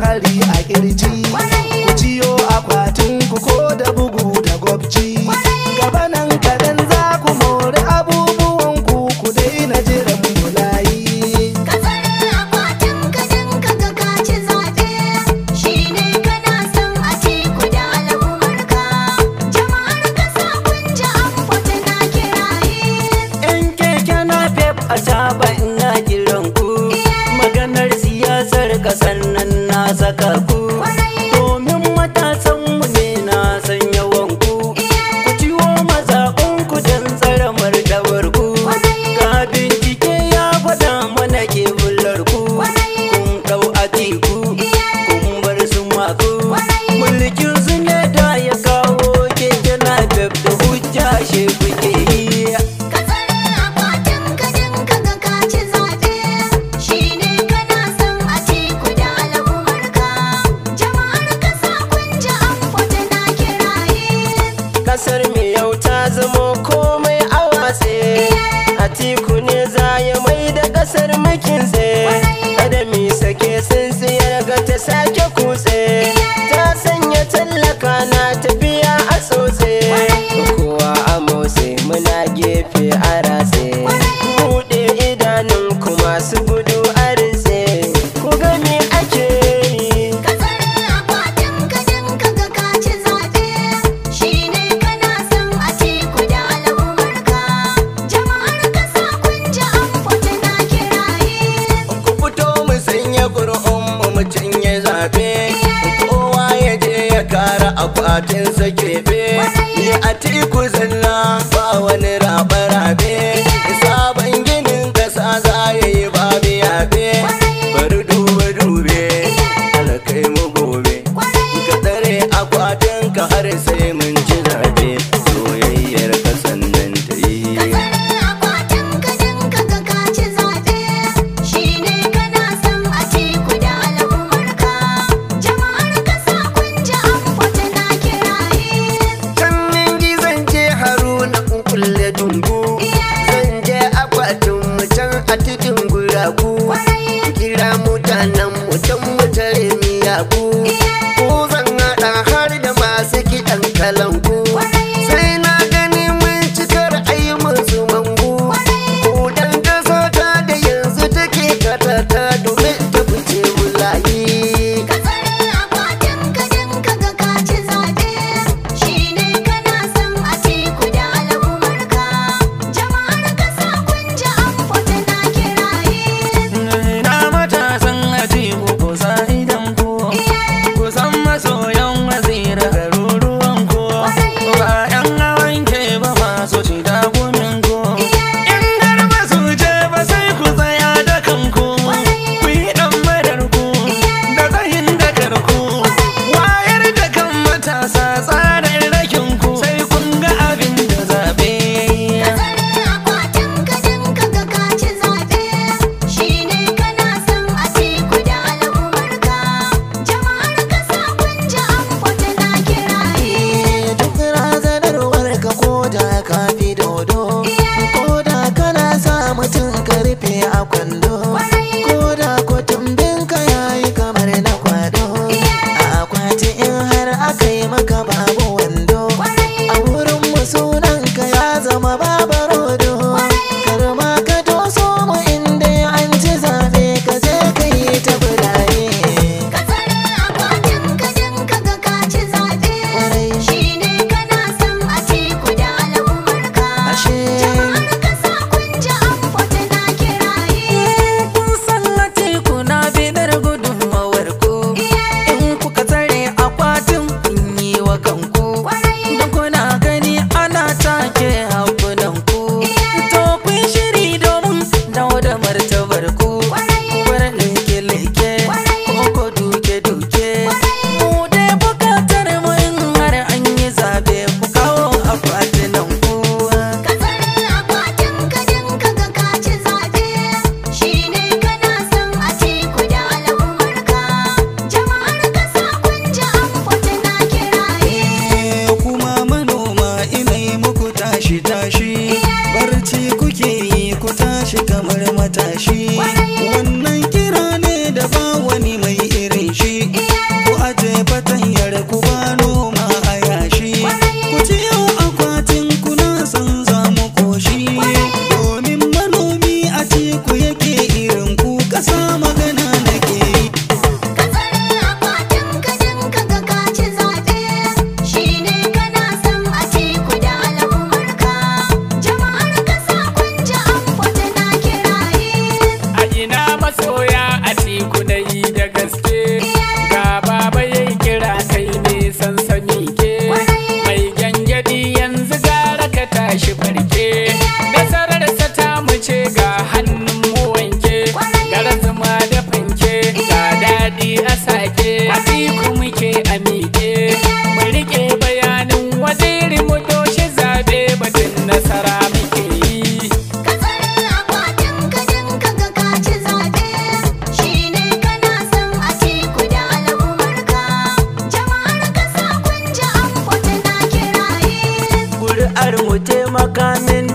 Magali, I get the cheese. saka zalla ba wani makamin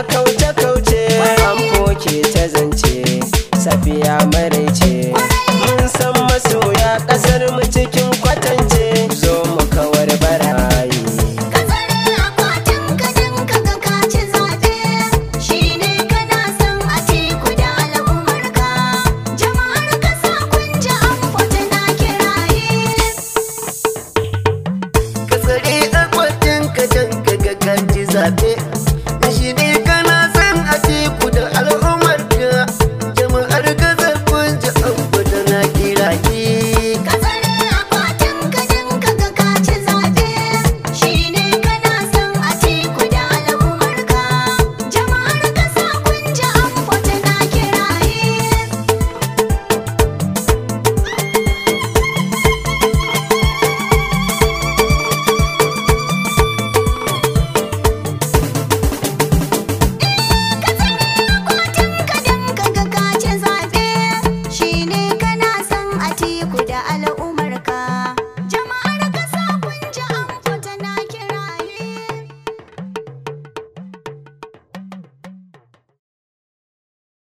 na kauce-kauce an foke ta zance safiya ce.